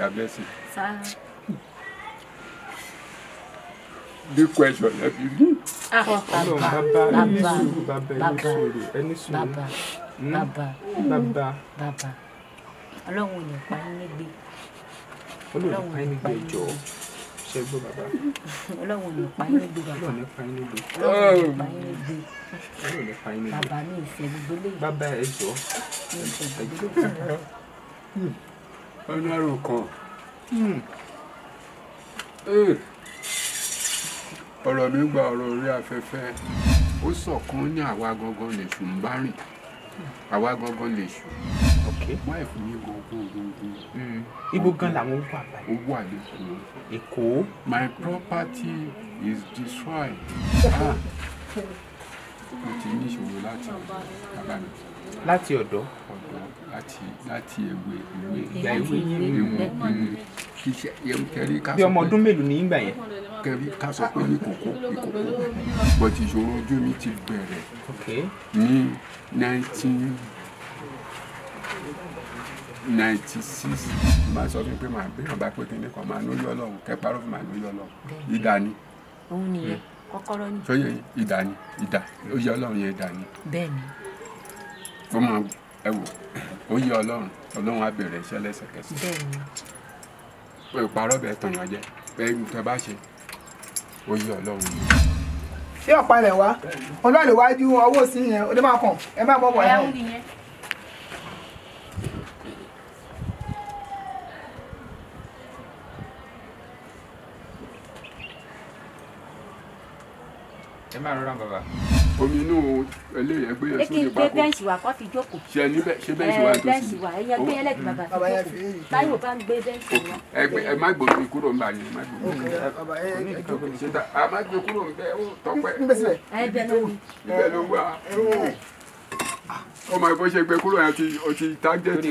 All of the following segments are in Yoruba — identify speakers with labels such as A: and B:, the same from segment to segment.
A: God bless you. Sir. Big question, have you been? baba baba baba baba baba ẹni sùúrù ẹni ọlọ́run ò pa yín nígbè. Ọlọ́run ò ní pa yín jọ Ọlọ́run ò pa yín nígbè bàbá. Ọlọ́run ò pa yín nígbè. Ọlọ́run ò pa ní pa Bàbá mi ìfẹ́ gbogbo lè. Bàbá ẹ jọ. Mi ìfẹ́ gbogbo lè ọ̀nàrò kan hmm. eh. ọ̀rọ̀ mi gba ọ̀rọ̀ orí afẹ́fẹ́ ó sọ̀kan ní àwa gangan lèṣù ń bá rìn àwa gangan lèṣù wọ́n ẹ̀ fún gbogbogbò. ibo gan làwọn owó àbá owó àlékún. Èkó. my property is destroyed mo ti ní ìṣòro láti bàbá mi. láti ọ̀dọ́. ọ̀dọ́ láti láti èwe
B: ìwé ìgbà èwe ìwọ̀n
A: kíṣẹ́ yẹn kẹrí ká sọ pé. bí ọmọ ọdún mélòó ní ìgbà yẹn. kẹrí ká sọ pé ní kòkó ìkòkó but ìṣòro ojú mi ti bẹ̀rẹ̀ ní nineteen ninety six máa sọ fún mi pé màá bí wọn bá pé kí ni kan máa lórí Ọlọ́run kẹparọ fún màá lórí Ọlọ́run ìdání. òun nìyẹn
B: kọ́kọ́rọ́ ni. sọ yẹ
A: ìdá ni ìdá ó yẹ ọlọ́run yẹ ìdá ni. bẹ́ẹ̀ni. ó mọ ẹ wò ó yẹ ọlọ́run ọlọ́run á bèrè iṣẹ́ lẹ́sẹ̀kẹsẹ̀. bẹ́ẹ̀ni. pé ìparọ́ bẹ́ẹ̀ tàn yàn jẹ pé nǹkan bá ṣe ó yẹ ọlọ́run yìí. ṣé ọ̀pá rẹ̀ wá ọlọ́run iwájú ọwọ́ sí yẹn ó lè máa kàn ẹ má bọ̀ wọ̀ ẹ̀ ẹ máa rọra bàbá. omi inú eléyìí ẹgbẹ́ yẹn sóde pákó. ẹgbẹ́ bẹ́ǹsì wa kọ́ fi jókòó. ṣe ní ṣe bẹ́ǹsì wa tó sí. bẹ́ǹsì
B: wa ẹ̀yẹ gbé ẹlẹ́gbẹ̀ẹ́ bàbá fi jókòó. báyọ̀ bá ń gbé
A: bẹ́ǹsì wa. ẹ má gbòó mi kúrò nígbà yẹn má gbòó mi. a má gbé kúrò níbẹ̀ ó tọ́pẹ́. ibẹ̀ ló wà. ọmọ ìbọn ṣe gbé kúrò yẹn o ti tágẹ́tì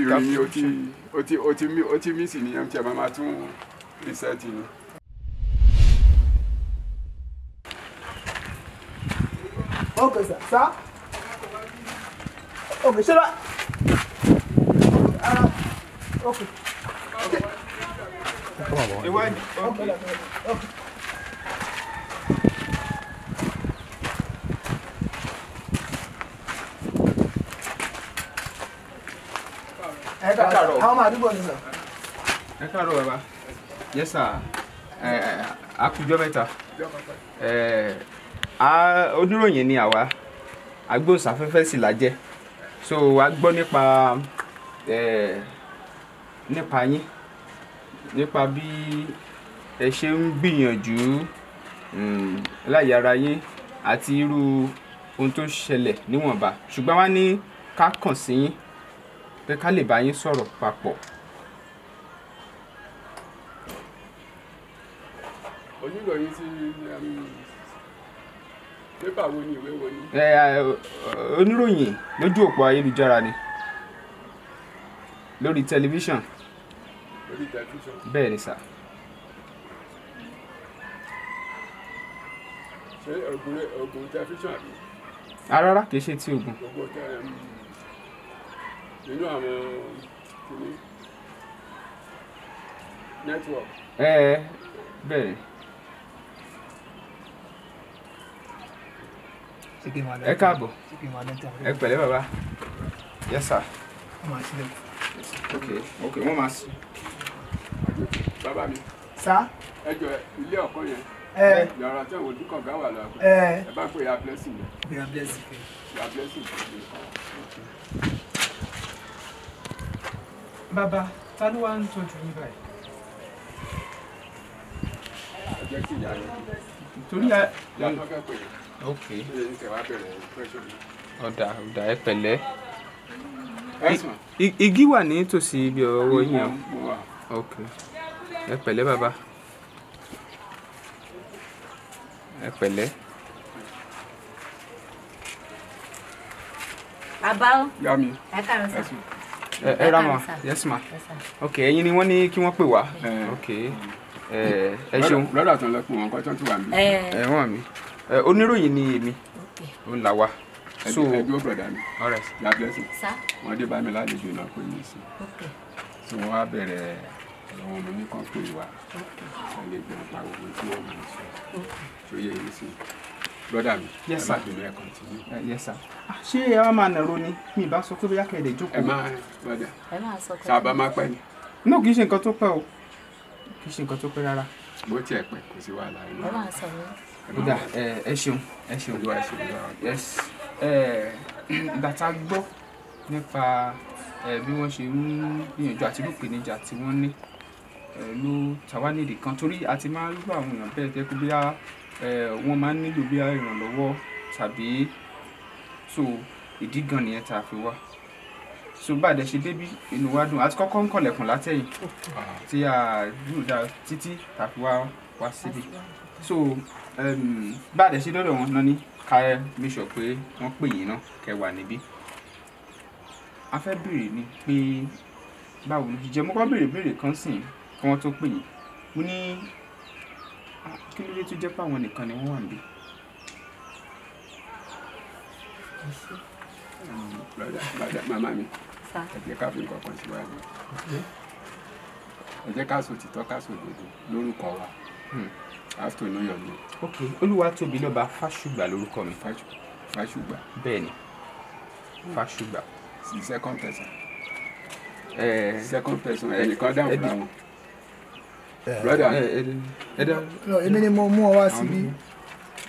A: rìn o ti mí sí ni ẹ̀ ń tẹ́ máa tún rìsẹ́ẹ̀tì ni. Ok, sir. Sir? Ok, shut up. ok. okay. Okay. Okay. Okay. Okay. Okay. Ẹ káàárọ̀. Àwọn ọmọ àdúgbò ni sà. Ẹ káàárọ̀ bàbá. Yes sir. Ẹ ẹ akujọ mẹ́ta. Ẹ. Eh, oníròyìn ni àwa agbóhùnsáfẹ́fẹ́ sì la jẹ́ so a gbọ́ nípa nípa yín nípa bí ẹ ṣe ń gbìyànjú mm, láyé ara yín àti irú ohun tó ṣẹlẹ̀ níwọ̀nba ṣùgbọ́n wá ní ká kàn sí yín pé ká lè bá yín sọ̀rọ̀ papọ̀. oníròyìn ti pépà wo ni ìwé wo ni. oníròyìn lójú òpó ayélujára ni lórí tẹlifíṣàn. lórí tẹlifíṣàn. bẹ́ẹ̀ ni sà. ṣé oògùn oògùn tẹlifíṣàn àbí. rárá kì ṣe ti oògùn. oògùn tẹ um, nínú àwọn kìnnì network. ẹ ẹ bẹ́ẹ̀ ni. ẹ káàbọ̀ ẹ pẹ̀lẹ́ baba. yes sir. ok ok wọ́n máa sùn. bàbá mi. sá. ẹ jọ ilé ọkọ yẹn. ẹ yàrá tí àwọn olùkọ́ gá wà lọ́wọ́. ẹ bá pè ya blessing yẹn. ya blessing. ya blessing. bàbá ta ló wá yín báyìí. torí ẹ. ìyá tó fẹ́ ọ̀dà ọ̀dà ẹ pẹ̀lẹ́ igi wà ní tòsí ibi ọwọ́ yín ok ẹ pẹ̀lẹ́ bàbá ẹ pẹ̀lẹ́. bàbá o ẹ kàrọ̀ sá ẹ ra ma ok ẹ̀yin ni wọ́n ní kí wọ́n pè wá ok mm. ẹ ṣeun. lọ́dọ̀ tó ń lọ pé tó wà mí oníròyìn ni èmi ó ń la wa so ẹdúró bọ̀dá mi lábẹ́sìn wọ́n dé bá mi lálejò náà pé mi sí so wọ́n á bẹ̀rẹ̀ àwọn ọmọ mi kan pè wá lálejò nípa gbogbo tí wọ́n mọ̀ sí tó yẹ èyí sí bọ́dà mi ẹ má bínú ẹ kọ́ntínú. Ah, ṣé ẹ wá máa nàró ni mi ì bá sọ pé bóyá kẹ̀lẹ́ jókòó. ẹ máa bọ́dà sábà máa pẹ́ ni. náà kì í ṣe nǹkan tó pẹ́ o kì í ṣe nǹkan tó pẹ́ rárá. bó tiẹ̀ pẹ́ kò sí wàhálà inú. ẹ máa sọ̀rọ̀ kódà ẹ ṣeun ẹ ṣeun yes ìgbà tá a gbọ́ nípa bí wọ́n ṣe ń gbìyànjú àti irú ìpèníjà tí wọ́n ní ló tàwa nídìí kan torí a ti máa ń rú àwọn èèyàn bẹ́ẹ̀ jẹ́ pé bí wọ́n máa ń nílò bí ìrànlọ́wọ́ tàbí so ìdí gan nìyẹn tá a fi wá so bá a dẹ̀ ṣe débí inú wa dùn àti kọ́kọ́ ń kọ̀lẹ̀kùn látẹ̀yìn ah. tí a dúró dáa títí tá a fi wá wá síbi so um, bá a dẹ̀ sí lọ́dọ̀ wọn náà ní ká ẹ make sure pé wọ́n pè yín náà kẹ́ wà níbí a fẹ́ béèrè ni pé báwo ló ṣe jẹ́ mo kọ́ béèrè béèrè kan sìn kí wọ́n tó pè yín mo ní ah, kí ló dé tó jẹ́ pé nìkan ni wọ́n wà níbí. lọ́jà lọ́jà màmá mi ẹ ká fi nǹkan kan síwájú ẹ jẹ́ ká sọ òtítọ́ ká sọ òdodo lórúkọ wa. Hmm. I have to know your name. ok olúwatóbi lọ́ba fáṣùgbà lórúkọ mi. fáṣùgbà. bẹ́ẹ̀ni fáṣùgbà. the second person. Uh, second person ẹnìkan dáhùn fúnra wọn. brother ẹ èmi ni mo mú ọ wá síbí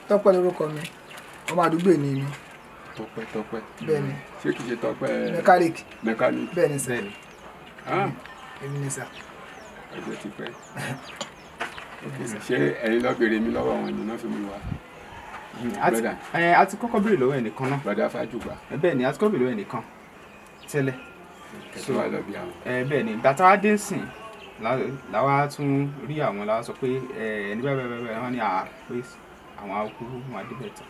A: tọ́pẹ́ lórúkọ mi ọmọ àdúgbò ni mi. tọ́pẹ́ tọ́pẹ́. bẹ́ẹ̀ni. ṣé kìí ṣe tọ́pẹ́. mechanic. mechanic. bẹ́ẹ̀ni sẹ. Ah. èmi ni sà. ẹgbẹ́ ti pẹ́. ṣé ẹ̀yin lọ béèrè mi lọ́wọ́ àwọn ènìyàn fi mú wa. Hmm, hmm, a ti kọ́kọ́ béèrè lọ́wọ́ ẹnìkan náà. bàdá fàjùgbà. bẹ́ẹ̀ ni a ti kọ́kọ́ béèrè lọ́wọ́ ẹnìkan tẹ́lẹ̀. kẹtọ́ wa lọ bí àwọn. bẹ́ẹ̀ ni bàtà wa dé sìn làwa tún rí àwọn làwa sọ pé ẹni bẹ́ẹ̀ bẹ́ẹ̀ bẹ́ẹ̀ wọ́n ní àá ah, pé àwọn akúrú wọn adé bẹ̀ tán.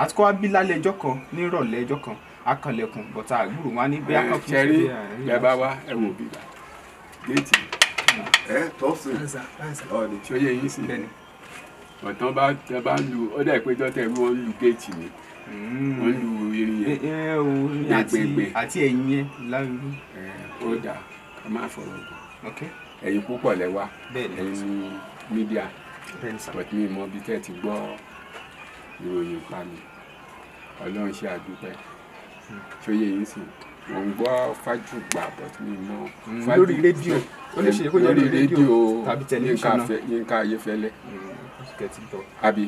A: a ti kọ́ wa bí lálẹ́ ẹjọ́ kan ní ìrọ̀lẹ́ ẹjọ́ kan akànlẹ̀kùn bọ̀tà àgbúrò wọn á ní bí akànfin ṣe bí i. ṣẹ́rí bẹ́ẹ̀ bá wá ẹ̀wọ̀n òbí gbà géètì ẹ tó sùn ọ̀ọ́dẹ tí ó yẹ yín sílẹ̀ ni ọ̀tán bá tẹ bá lu ọ̀dà ìpéjọ tẹ wí wọn lu géètì ni hmm. wọn lu irin yẹn eh, eh, gbẹgbẹgbẹ àti ẹ̀yìn yẹn láwùjọ. ẹ ó dà ká má fọ̀rọ̀ gùn ẹ̀yin púpọ̀ lẹ́wà ẹ̀yin ní mídíà but mi mọ bí tẹ́ ti gbọ́ ìròyìn pa mi ọlọ́run ṣe àdúpẹ́ hmm. ṣó yẹ yín sìn mo ń gbọ́ fájùgbà but mi mọ mm, fájùgbà lórí rédíò ó lè ṣe kó jẹ́ lórí rédíò tàbí tẹlifíṣàn náà Yínká Ayéfẹ́lẹ́ àbí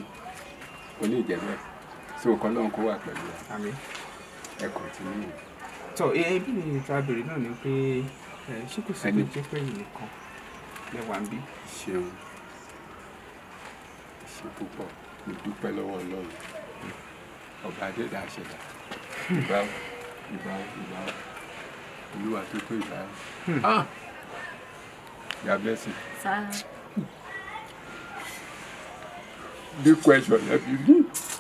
A: ó lè jẹ́ bẹ́ẹ̀ tí o kọ́ lọ́hùn kó wà pẹ̀lú ẹ continue. tọ ẹbí e, mi ta bèrè náà ni pé ṣé kò sí pé jẹ́ pé yìí nìkan lẹ́wà ń bí. ṣeun ṣe púpọ̀ mo dúpẹ́ lọ́wọ́ Ọlọ́run ọba adéda ṣẹ̀dá báwo ìbáwò ìbáwò olúwa tó tó ìbáwò hmm. ah God bless you. Sir. big question ẹ bí bí.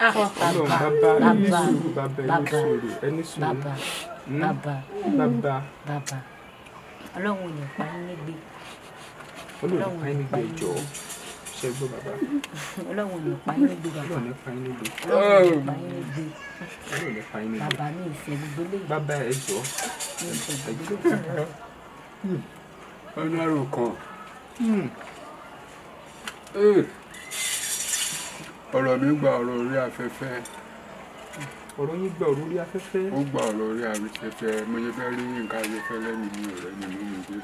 A: Ọlọ́run bàbá ẹni sùúrù bàbá ẹni sùúrù ẹni sùúrù hmm? bàbá bàbá bàbá
B: Ọlọ́run ò ní pa yín nígbè.
A: Ọlọ́run ò ní pa yín nígbè jọ̀ọ́ ṣe gbó bàbá. ọlọ́run ní pa yín gbé bàbá. ọlọ́run ní pa yín gbé. ọlọ́run ní pa yín gbé. ọlọ́run ní pa yín gbé. bàbá mi ìfẹ́ gbogbo lè. bàbá hmm. hmm. eh. ọ̀rọ̀ mi gba ọ̀rọ̀ orí afẹ́fẹ́. ọ̀rọ̀ yín gba ọ̀rọ̀ orí afẹ́fẹ́. ó gba ọ̀rọ̀ orí afẹ́fẹ́ mo yẹ fẹ́ rí nǹkan ayẹfẹ́ lẹ́nu mi ọ̀rẹ́ mi mú mi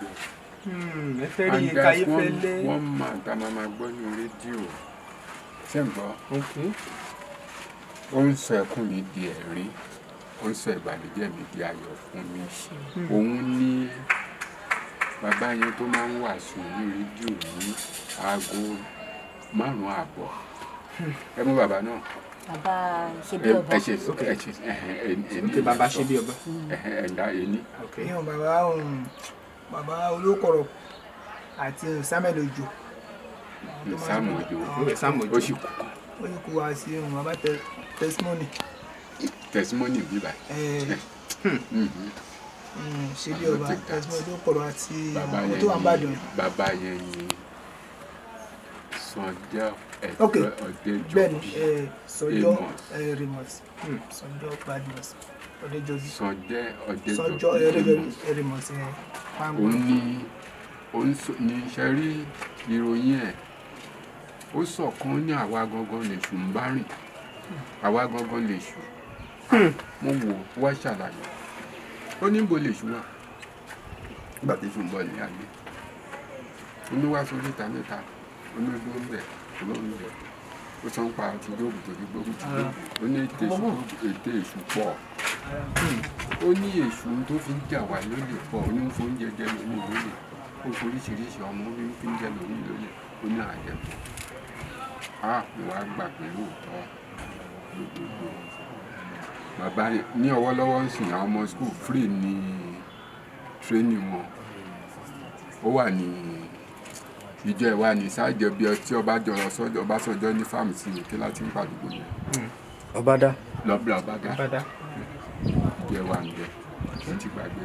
A: Hmm, and fẹ́ one yín káyé fẹ́ lé. wọ́n máa ta máa máa gbọ́ ní rédíò ṣé ń gbọ́ ó ń sọ ẹkún mi di ẹ̀rín ó ń sọ ìbànújẹ́ mi di ayọ̀ fún mi hmm. òun ní bàbá yẹn tó máa ń wàásù ní rédíò ní aago márùn-ún àbọ̀ hmm. ẹ mú bàbá náà
B: baba ṣe bí ọba. ẹ ṣe ẹ ṣe ẹ ní. ok baba ṣe bí ọba.
A: ẹ ẹ ẹ ní. ok. yíyan baba bàbá olókọ̀rọ̀ àti samuel ojo. samuel ojo samuel ojo ó sì kú. ó sì kú wá sí bàbá testimony. testimony bíbá. Hmm. Hmm, ṣe bí ọba testimony tó kọ̀rọ̀ àti àwọn tó wà ń bàdàn. bàbá yẹn ni sọjọ ẹjọ ọdẹjọ bíi remus sọjọ remus hmm, sọjọ badmus ọdẹjọbí sọjẹ ọdẹjọbí ẹrìmọtì pàǹgbọ. òun ni ní ṣe rí ìròyìn ẹ̀ ó sọ̀kan ní àwa gangan lèṣù ń bá rìn àwa gangan lèṣù mo wò wá ṣàlàyé ó níbo lèṣù wà nígbà tí ṣù ń bọ̀ ní ayé olúwa sórí ìta ó sọ ń pa ti Jóòbù torí pé ti ó ní ètè ètè èṣù pọ̀ ó ní èṣù tó fi ń jà wá lólè pọ̀ ó ní ń fóúnjẹ jẹ lómi lólè ó foríṣiríṣi ọmọ ó fi ń jẹ lómi lólè ó ní àjẹpọ̀ á wà gbà pé lóòótọ́ gbogbogbò bàbá ní ọwọ́lọ́wọ́ ń sìn àwọn ọmọ school free ní training wọn ó wà ní ìjọ ìwà ni ṣáàjọ bí ọtí ọba jọrọ sọjọ ọba sọjọ ní fáàmù sí ìrèké láti ń gbàdúgbò yẹn. Hmm. ọbadá. lọ́bìlà ọbadá ìjọ ìwà nìyẹn wọ́n ti gbàgbé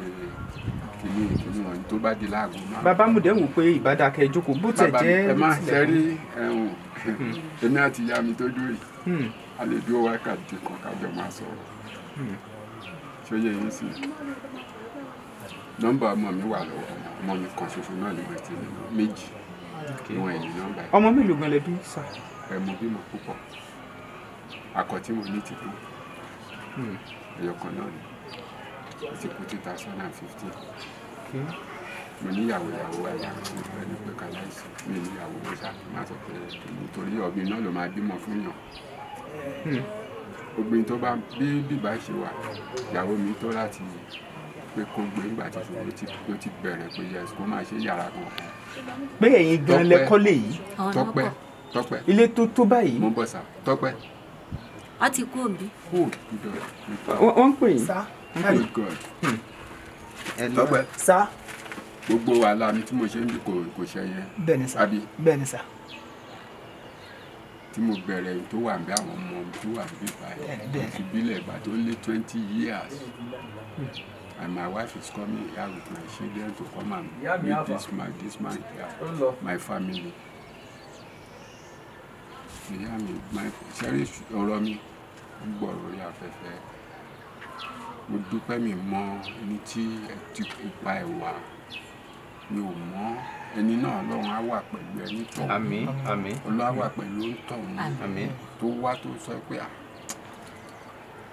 A: kìíní ìkíní wọn tó bá di láago máa. bàbá mùdẹ́ pé ìbàdàn kẹ́ bó tẹ̀ jẹ́ ẹ má ṣe rí ẹ̀hún hmm. èmi àti ìyá mi tó dúró yìí hmm. a lè dúró wákàtí kan kájọ máa sọ̀rọ̀ ṣó yẹ yín sí nọ́mbà ọmọ mi wà lọ́wọ́ ọmọ mi kan ṣoṣo náà ni mo ti ní méjì ọmọ mélòó gan lẹbi sá. ẹ mo bímọ púpọ̀ àkọ́tí mo ní títí hmm. ẹyọkan náà ni ó ti kú two thousand and fifteen mo níyàwó ìyàwó ẹ̀yà tó fẹ́ ní pé káláìsì mi níyàwó ló sá má sọ pé nítorí ọ̀bí náà ló máa bímọ fún yàn hmm. obìnrin tó bá bí bíbá ṣe wà ìyàwó mi tó láti pé kó gbé ńgbà tí ó ti bẹ̀rẹ̀ pé yẹ kó máa ṣe yàrá kan kan pé ẹ̀yin gan lẹ́kọ́ lè yìí. tọpẹ́ tọpẹ́. ilé tó tó báyìí. mo bọ̀ sá tọpẹ́.
B: a ti kú òbí.
A: wọ́n ń pè yín. sá hmm. tọpẹ́. sa, gbogbo wàhálà mi tí mo ṣe ń bí kò ṣe yẹn. bẹ́ẹ̀ni sá bẹ́ẹ̀ni sá tí mo bẹ̀rẹ̀ tó wà bí àwọn ọmọ tó wà bí báyìí ìbílẹ̀ ìgbà tó lé twenty years. Mm. And my wife is coming here with my children to come and yeah, meet this man, this man here, oh, my family. Ìyá mi, ṣẹ́rí ọ̀rọ̀ mi ń gbọ́ lórí afẹ́fẹ́. Mo dúpẹ́ mi mọ ní tí ẹ ti kópa ẹ̀ wá. Mi ò mọ ẹni náà Ọlọ́run á wà pẹ̀lú ẹni tọ̀hún. Àmín àmín. Ọlọ́run á wà pẹ̀lú ẹni tọ̀hún. Àmín. Tó wá tó sọ pé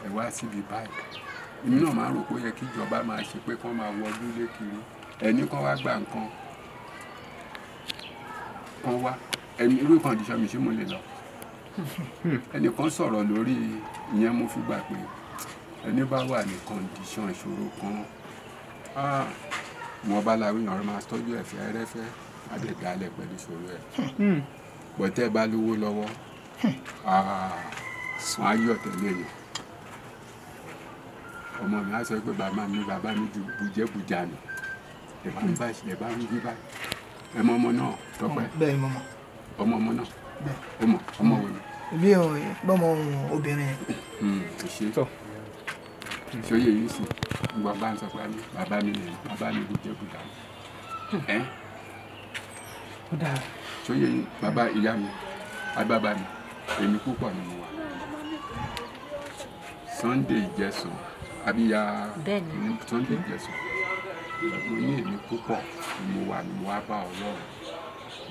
A: ẹ wá síbi báyìí èmi náà máa ń rò pé ó yẹ kí ìjọba máa ṣe pé kán máa wọ ọdún lé kiri ẹni kan wá gba nǹkan kan wá ẹni irú kọ̀ǹdíṣọ́ mi ṣé mo lè lọ ẹnì kan sọ̀rọ̀ lórí ìyẹn mo fi gbà pé ẹni bá wà ní kọ̀ǹdíṣọ́ ìṣòro kan wọn bá la wíyàn ọ̀rọ̀ máa tọ́jú ẹ̀fẹ́ rẹ́fẹ́ àdẹ̀dálẹ̀ pẹ̀lú ìṣòro ẹ̀ pọ̀tẹ́ bá lówó lọ́wọ́ wọn á yọ̀ tẹ̀lé yẹn ọmọ mi á sọ pé bàbá mi bàbá mi ju bùjẹ́bùjà nù ẹ̀ bá ń bá ẹ̀ bá ń bí báyìí ẹ mọ ọmọ náà tọpẹ bẹ́ẹ̀ mọ ọmọ ọmọ náà ó mọ ọmọ wo ni. èmi ò gbọ́mọ obìnrin. Hmm, ṣe tọ ṣòye yìí sì gbọ́ bá ń sọ pé bàbá mi nìyẹn bàbá mi kò jẹ́ kúta ẹ́ ṣòye yìí bàbá ìyá mi agbábá mi èmi púpọ̀ ni mo wà Sunday Ìjẹ̀sùn àbíyá ní tó lè jẹ̀sùn mo ní èmi púpọ̀ ni mo wà ní mo wá bá ọlọ́run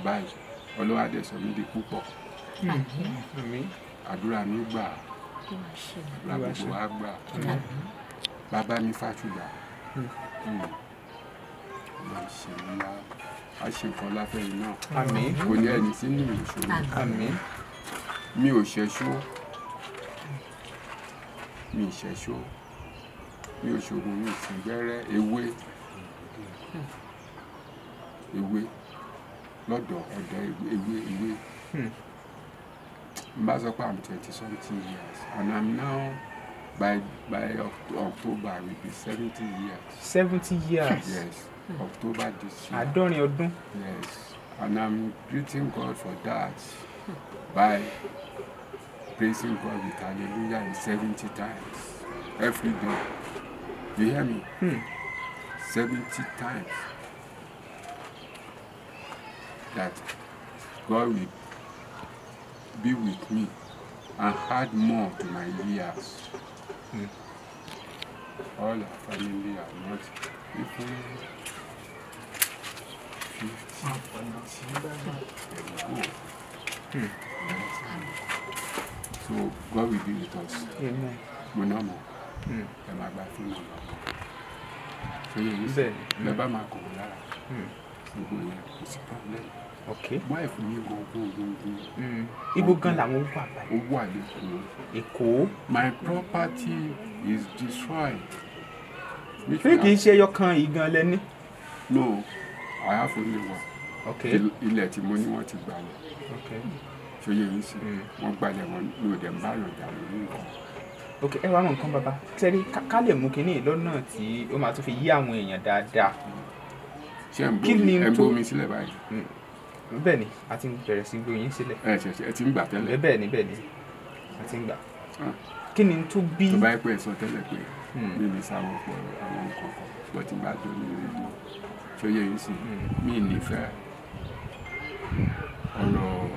A: báyìí ọlọ́run àdẹ̀sọ̀ mi di púpọ̀ àdúrà mi gbà
B: àdúrà gbogbo wa gbà
A: bàbá mi fàtúgbà ọmọ ìṣèlú ńlá a ṣe nǹkan láfẹ́ yìí náà kò ní ẹni sínú ìṣòro mi ò ṣẹ́ṣó mi ò ṣẹ́ṣó mi ò ṣoògùn mi ò sì gbẹ́rẹ́ ewé ewé lọ́dọ̀ ọ̀dọ̀ ewé ewé hmm. n bá sọ pé I'm twenty something years and I'm now by by October I will be seventy years. seventy years. yes hmm. October this year. àádọ́rin ọdún. yes and I'm greeting God for that by praising God with hallelujah in seventy times every day. You hear me? Hmm. 70 times that God will be with me and add more to my years. Hmm. All our family are not even 50 hmm. So God will be with us. Amen. Monamo. Hmm. ẹ máa gba fún nàmbà ṣòye yìí bẹ́ẹ̀ ẹ bá máa kàn wọ́n lára hmm. gbogbo yẹn kò sí problem ok wáìfù mi gan owó gbogbo. ibo gan làwọn owó àbá yìí. owó àlékún. èkó. my property is destroyed. ṣé kìí ṣe ẹyọkan ìgan lẹ́ni. no àyàfóni wà. ok ilẹ̀ tí mo ní wọ́n ti gbà wọ́n. ok ṣòye yìí sí hmm. wọ́n gbalẹ̀ wọn lóde ń bá yọ̀dà lórí nǹkan ok ẹ wá mọ nǹkan bàbá tẹ́rí ká lè mú kinní lọ́nà tí ó máa tún fi yí àwọn èèyàn dáadáa. ṣé ẹ ń gbómi sílẹ̀ báyìí. Hmm, bẹ́ẹ̀ ni a ti bẹ̀rẹ̀ sí gbóyin sílẹ̀. ẹ ṣe ṣe ẹ ti ń gbà tẹ́lẹ̀. bẹ́ẹ̀ ni bẹ́ẹ̀ ni a ti ń gbà. Ah. kí ni tó bí. tó bá yẹ pé ẹ sọ tẹ́lẹ̀ pé hmm. mi ní sáwọn pọ̀ àwọn nǹkan kan pọ̀ tí gbàgbọ́ ní rédíò tó yẹ yín sí hmm. mi nífẹ̀ẹ́ ọ̀rọ̀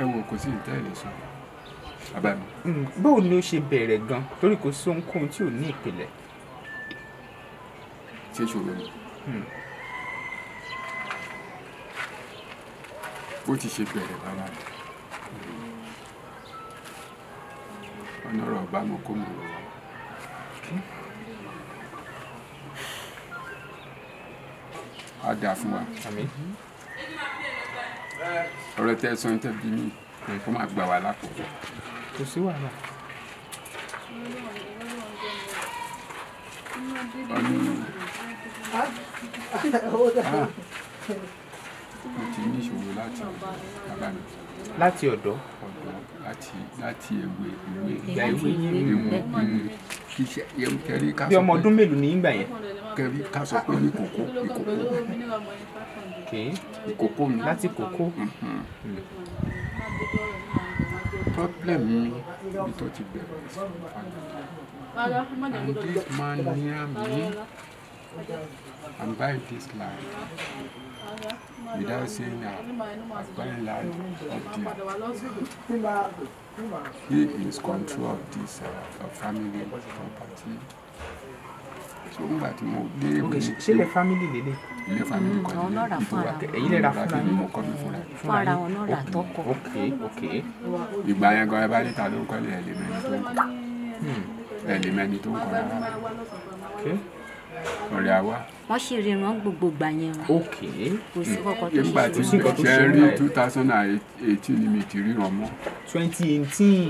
A: ẹ̀wọ̀n kò sí ìtẹ́ẹ̀lẹ̀ sọ̀rọ̀ àbámi. Hmm, báwo ni ó ṣe bẹ̀rẹ̀ gan torí kò sí ohunkóhun tí ò ní ìpìlẹ̀. ṣé ìṣòro ni. Hmm. bó ti ṣe bẹ̀rẹ̀ bàbá mi. ọ̀nà ọ̀rọ̀ ọ̀bá mo kó mi lọ́wọ́. á dáa fún wa. ọ̀rọ̀ tẹ́ sọ ń tẹ́ bí mi kó má gbà wá lákòókò kò sí wàhálà. mo ti ní ìṣòro láti ọ̀dọ́. láti ewé ewé ìgbà ewé ìwọ̀n kẹrí ká sọ pé. bí ọmọ ọdún mélòó ní ìgbà yẹn. kẹrí ká sọ pé ní kòkó ìkòkó. ìkòkó láti kòkó. Mm-hmm. Hmm problem mi ibi ti bẹ̀rẹ̀ and this man near me and buy this land without saying I buy land of there. He is control of this uh, family property so ńgbà tí mo dé. ok ṣe ilẹ̀ family lélẹ̀.
B: ilẹ̀ family kọ́ ilé ìtura èyí lè ra fúnra yín mo
A: kọ́ mi fúnra yín. fún ara wọn náà rà tọkọ. ok ok. ìgbà yẹn gan ẹ bá níta ló ń kọ́ ilé ẹ̀ lè mẹ́ni tó ń kọ́ hmm. ẹ̀ lè mẹ́ni tó ń kọ́ rárá.
B: ọ̀rẹ́ àwa wọ́n sì ríran gbogbo gbà yẹn
A: o. ok kò sí kọ́kọ́ tó ṣe nígbà tí mo ṣe rí two thousand and eighteen ni mi ti ríran mọ́. twenty eighteen.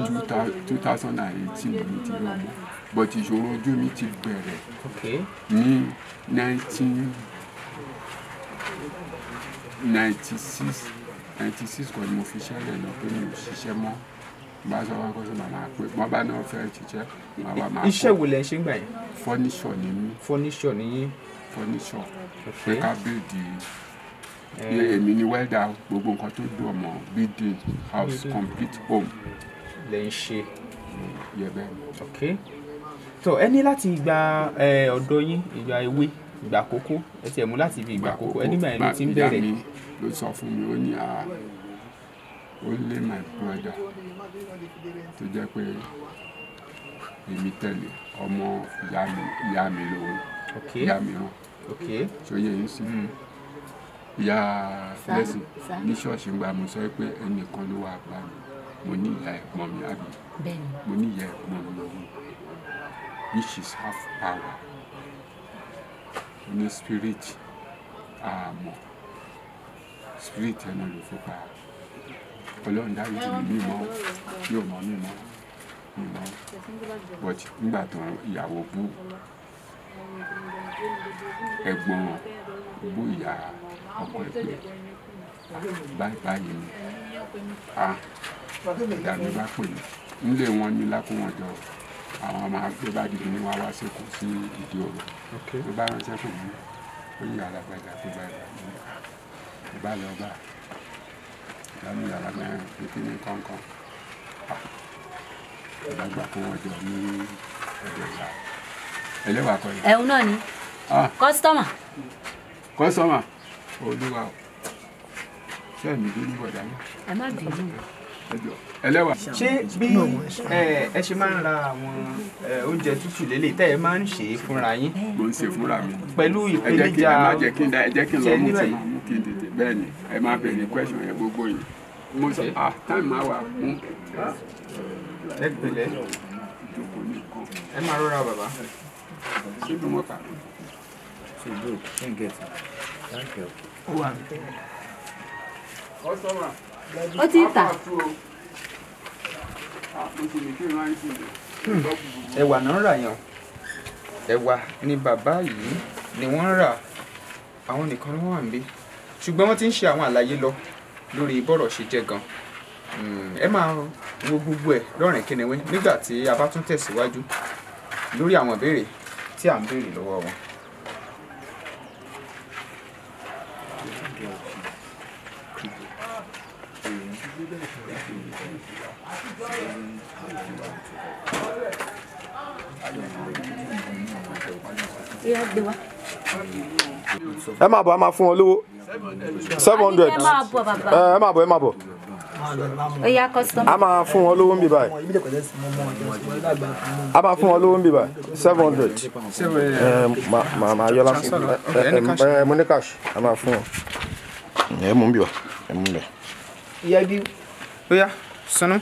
A: two thousand and eighteen ni mi ti ríran mọ́ but ìṣòro ojú mi ti bẹ̀rẹ̀ ní nineteen ninety six ninety six kò ní mo fi ṣẹlẹ̀ lọ pé mi ò ṣiṣẹ́ mọ́ bá sọ wọn kó sọ màmá pé wọn bá náà fẹ́ ṣiṣẹ́ màá wà máa kó. iṣẹ́ wo lẹ ṣe ń gbà yẹn. fọ́níṣọ̀ ni mí. fọ́níṣọ̀ ni yín. fọ́níṣọ̀ pé ká bèèdì eh. èmi ni wẹ́dà gbogbo nǹkan tó dùn ọmọ building house complete home. lẹ́yìn ṣe. yẹ bẹ́ẹ̀ tó ẹ ní láti ìgbà ọ̀dọ́ yín ìgbà èwe ìgbà àkókò ẹ tiẹ̀ mú láti ibi ìgbà àkókò ẹ nígbà yẹn ló ti ń bẹ̀rẹ̀. ìyá mi ló sọ fún mi ó ní a only my brother tó jẹ́ pé èmi tẹ̀lé ọmọ ìyá mi ìyá mi lòun ìyá mìíràn ṣòye yìí sí hmm. ìyá lẹ́sìn ní ṣọ́ọ̀ṣì gba mo sọ pé ẹnìkan ló wà bá mi mo ní ìyá ẹ̀gbọ́n mi àbí mo ní ìyá ẹ̀gbọ́n mi lòun which is half power the spirit àmọ́ spirit ẹnu ló fi pa ọlọ́run dáríjì mi mímọ́ yóò mọ́ New mímọ́ but nígbà tó ìyàwó bú ẹ̀gbọ́n bú ìyá ọkọ ẹgbẹ́ Bye bye. Ah. That ah, ìyá mi bá You don't want wọn like lákòwọ́n jọ àwọn máa gbé bá dìbò ní wọn wá sẹ́kù sí ìdí ọ̀rọ̀ ló bá ránṣẹ́ fún mi ó ní alágbàdà tó bá yà mí ló bá lọ bá ìdáná alágbàdà pínpín ní kọ̀ọ̀kan ìdágbà kó wọ́n jọ ní ẹ̀jẹ̀ ìlà ẹlẹ́wà kọ́ ni. ẹ̀hún
B: náà ni kọ́sítọ́mà.
A: kọ́sítọ́mà olúwa o sẹ́ẹ̀mì bínú bọ̀dá náà.
B: ẹ má bínú.
A: ẹ jọ ẹlẹ́wà ṣé bí ẹ ṣe máa ń ra àwọn oúnjẹ tútù lélẹ̀ tẹ́ ẹ máa ń ṣe é fúnra yín. mo ń ṣe fúnra mi. pẹ̀lú ìpèníjà ẹ jẹ́ kí n lọ mú tí mo mú kí n tètè bẹ́ẹ̀ ni ẹ máa bẹ̀rẹ̀ ní yẹn gbogbo yìí mo sọ ah táìmù máa wà fún. ẹ pẹ̀lẹ́ ẹ máa rọra bàbá. ṣé bí wọ́n kà á. ṣe ìlú ẹ̀ ń gẹ̀ ó ti ta ẹ̀wà náà rà yàn ẹ̀wà ni bàbá yìí ni wọ́n rà àwọn nìkan ni wọ́n wà níbí ṣùgbọ́n wọ́n ti ń ṣe àwọn àlàyé lọ lórí bọ́rọ̀ ṣe jẹ́ gan hmm, ẹ máa wo gbogbo ẹ̀ lọ́rìn kíniwín nígbà tí a bá tún tẹ̀síwájú lórí àwọn ìbéèrè tí à ń béèrè lọ́wọ́ wọn. ẹ máa bọ̀ ẹ máa fún wọn lówó seven hundred ẹ máa bọ̀ ẹ máa bọ̀ oya customer. a máa fún wọn lówó ń bì báyìí a máa fún wọn lówó ń bì báyìí seven hundred màá màá yọ lásán ẹ ẹ mo ní cash a máa fún wọn ẹ mú ń bì wá ẹ mú ń bì ìyá bí. ó yá sunu.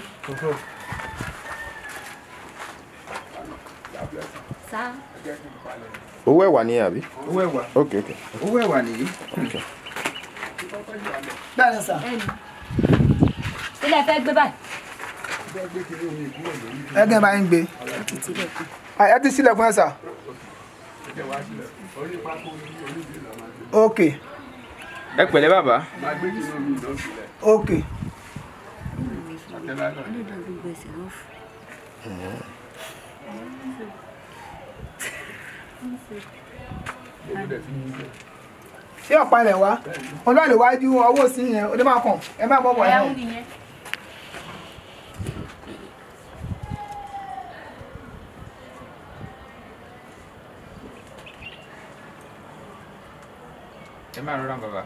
A: owó ẹ̀wà ni àbí. owó ẹ̀wà. ok ok. owó ẹ̀wà nìyí.
B: bẹ́ẹ̀ ni sà. ilé ẹ fẹ́ gbé báyìí.
A: ẹgẹ máa ń gbé. ẹ ti sílẹ̀ fún ẹ sà. ok. ẹ pẹ̀lẹ́ bàbá. Okay. ṣé ọ̀pá ilẹ̀ wá wọn lọ́ọ̀lẹ̀ wájú ọwọ́ sí yẹn ó lè máa kàn ẹ má bọ̀ wọ̀ ẹ̀ hàn. ẹ máa rọra bàbá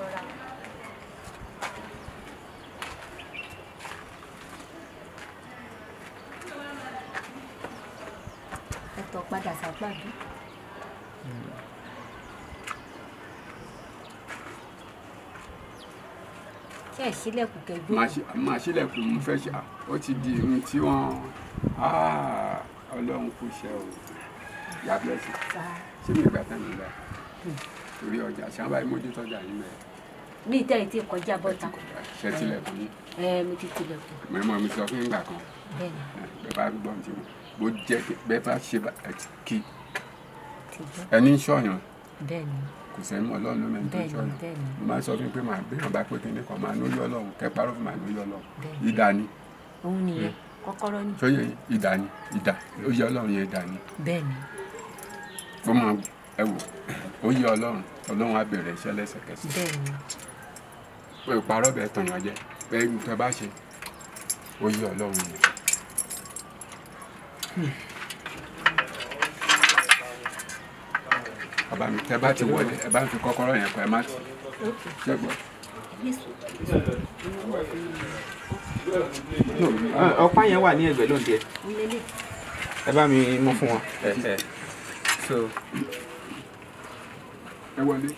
B: programa. Ẹ̀tọ́ padà sápàdé. Ṣé ẹ̀ sílẹ̀kùn
A: fẹ́ ṣe. Ó ti di irun tí wọ́n ah, ọlọ́run kò ṣe o. Yàgbẹ́sì. Ṣé mi gbà tán mi hmm. Torí ọjà ṣáà báyìí mójútó ọjà yín mẹ́rin
B: ní ìtẹ́rì tí kọjá bọ́ta. ṣe tilẹ̀kùn ni. ẹ mo ti tilẹ̀kùn.
A: mẹ́mọ́ mi sọ fún ìgbà kan. bẹ́ẹ̀ni. bẹ́ẹ̀ bá gbọ́n tí mo bó jẹ́ bẹ́ẹ̀ bá ṣe kí ẹni ń ṣọ̀yàn. bẹ́ẹ̀ni. kò sẹ́ni ọlọ́run ló mẹ́ni tó ń ṣọ̀yàn. bẹ́ẹ̀ni mo máa ń sọ fún pé màá bí wọn bá pé kíní kan màá lóyún ọlọ́run kẹ́ parọ́ fún màá lóyún ọlọ́run. ìdá ni.
B: òun nìyẹn kọ́kọ́rọ́ ni. sọyẹ
A: ìdá ni ìdá ó ọlọ́run yẹn ìdá ni. bẹ́ẹ̀ni. ó máa ẹ wò ó ọlọ́run ọlọ́run á bẹ̀rẹ̀ iṣẹ́ lẹ́sẹ̀kẹsẹ̀. bẹ́ẹ̀ni pé ìparọ́ bẹ̀ tàn yàn jẹ pé nǹkan bá ṣe oyè ọlọ́run ni. bàbá mi tẹ bá ti wọlé ẹ bá ń fi kọ́kọ́rọ́ yẹn pa ẹ má ti ṣe gbọ́. Ah, ọ̀pá yẹn wà ní ẹgbẹ́ lóde ẹ bá mi mú fún wọn. ẹ wọlé.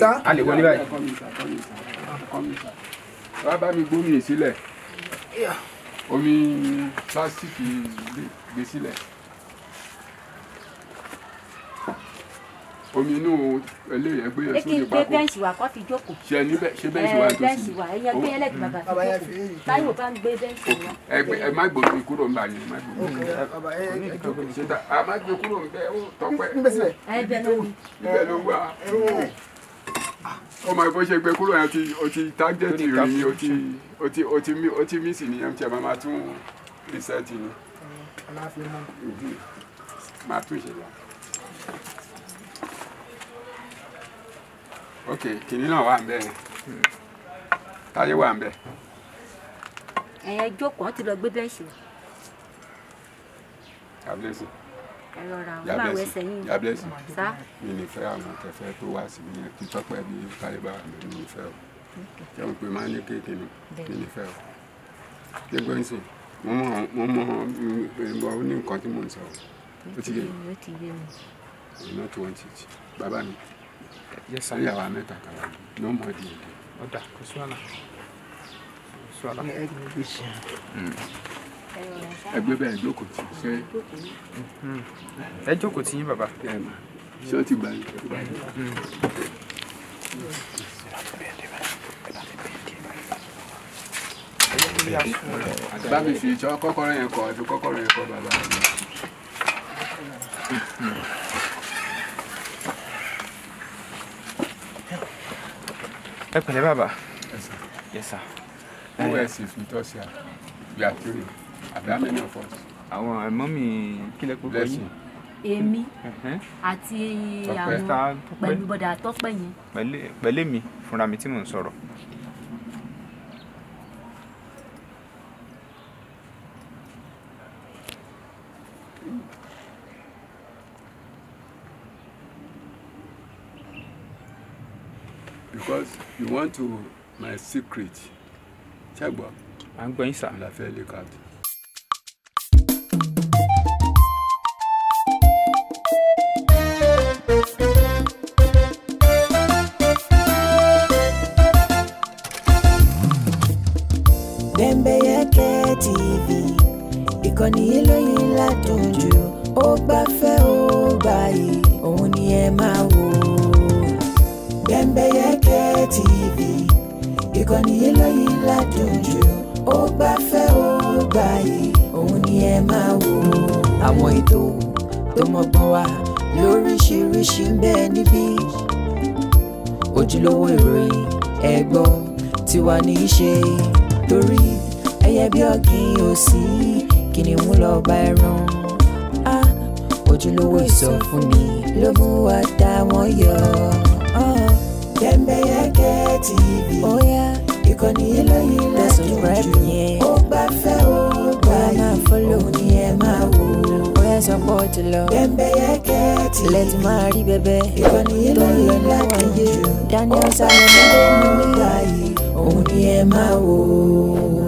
A: sá a lè wọlé báyìí kọ́mísà wá bá mi gbómi yìí omi pásítìkì gbé sílẹ̀ omi inú eléyìí ẹgbẹ́ yẹn sórí pákó. ẹ gbé bẹ́ǹsì wa kó fi jókòó. ṣe ní ṣe bẹ́ǹsì wa tó sì. bẹ́ǹsì
B: wa ẹ̀yẹ gbé ẹlẹ́gbẹ̀ẹ́ bàbá fi jókòó. táyọ̀ bá ń gbé bẹ́ǹsì
A: ẹ má gbòmí kúrò ń bà yín má gbòmí. ṣe ta a má gbé kúrò ń bẹ́ẹ̀ tọ́pẹ́. ẹ bẹ̀ ló wà ó máa bó ṣe gbé kúrò yẹn o ti tágẹ́tì rìn o ti o ti o ti o ti mísì nìyẹn tí a máa tún rìsẹ́ẹ̀tì ni máa tún ṣe yá. ok kìnní náà wà nbẹ táyé wà nbẹ.
B: ẹ̀yin ẹjọ́ kan ti lọ gbé bẹ́ẹ̀ ṣe. kábíyèsí ẹ rọra àwọn máa wẹ sẹ́yìn sá.
A: mi ní fẹ́ àwọn kẹfẹ́ tó wá síbi yẹn kí tọ́pẹ́ bí kálíbà lórí mi fẹ́ o jẹun pé máa ń ní kéèké ni mi ní fẹ́ o dégbé ń sìn mo mọ mo mọ ìbọn ó ní nǹkan tí mò ń sọ ó ti yé mi ó ti yé mi ọ̀nà tó ń tìtì bàbá mi ìyàwó mẹ́ta kan ní ọmọ di òde. ọ̀dà kò sí ọ̀nà kò sí ọ̀nà ẹgbẹ́ bẹ́ẹ̀ jókòó tì ṣe. ẹ jókòó tì yín bàbá. ṣé o ti gbà yín. bá mi fi ìjọ kọ́kọ́rọ́ yẹn kọ àti kọ́kọ́rọ́ yẹn kọ bàbá mi. ẹ pẹ̀lẹ́ bàbá. ẹ sà. owó ẹ̀sìn fi tọ́ sí a bí a kiri àbí how many of us. àwọn ẹ̀mọ́ mi kílẹ̀ púpọ̀ yìí.
B: èmi àti àwọn pẹ̀lú bọ̀dà tọ́pẹ́ yẹn.
A: pẹ̀lẹ́ mi fúnra mi tí mò ń sọ̀rọ̀. because you want to my secret. ṣẹ́gbọ́. à ń gbọ́ sá. la fẹ́ lè kàtó.
B: ọ̀rọ̀ ní eléyìí ládùnjù ó gbáfẹ́ ó báyìí òun ni ẹ máa wò. Bembeyeke TV ìkànnì eléyìí ládùnjù ó gbáfẹ́ ó báyìí òun ni ẹ máa wò. àwọn ètò tó mọ̀gbọ́n wa lóríṣiríṣi ń bẹ níbí ojúlówó ìròyìn ẹ̀gbọ́n tiwa ní í ṣe torí ẹyẹ bí ọ̀gìn ò sí kìnìún lọ bá ẹran ojúlówó ìsọfúnni ló mú wa dá wọn yọ. Bembeyeke TV ìkànnì eléyìí lẹ́dùn jù ó bá fẹ́ ó gbà yìí òun ni ẹ máa wò. bóyá sọ pé ó lọ Bembeyeke TV lẹ́tì máa rí bẹ́bẹ́ ìkànnì eléyìí lẹ́dùn jù Daniel Sáré ló mú wa yìí òun ni ẹ máa wò.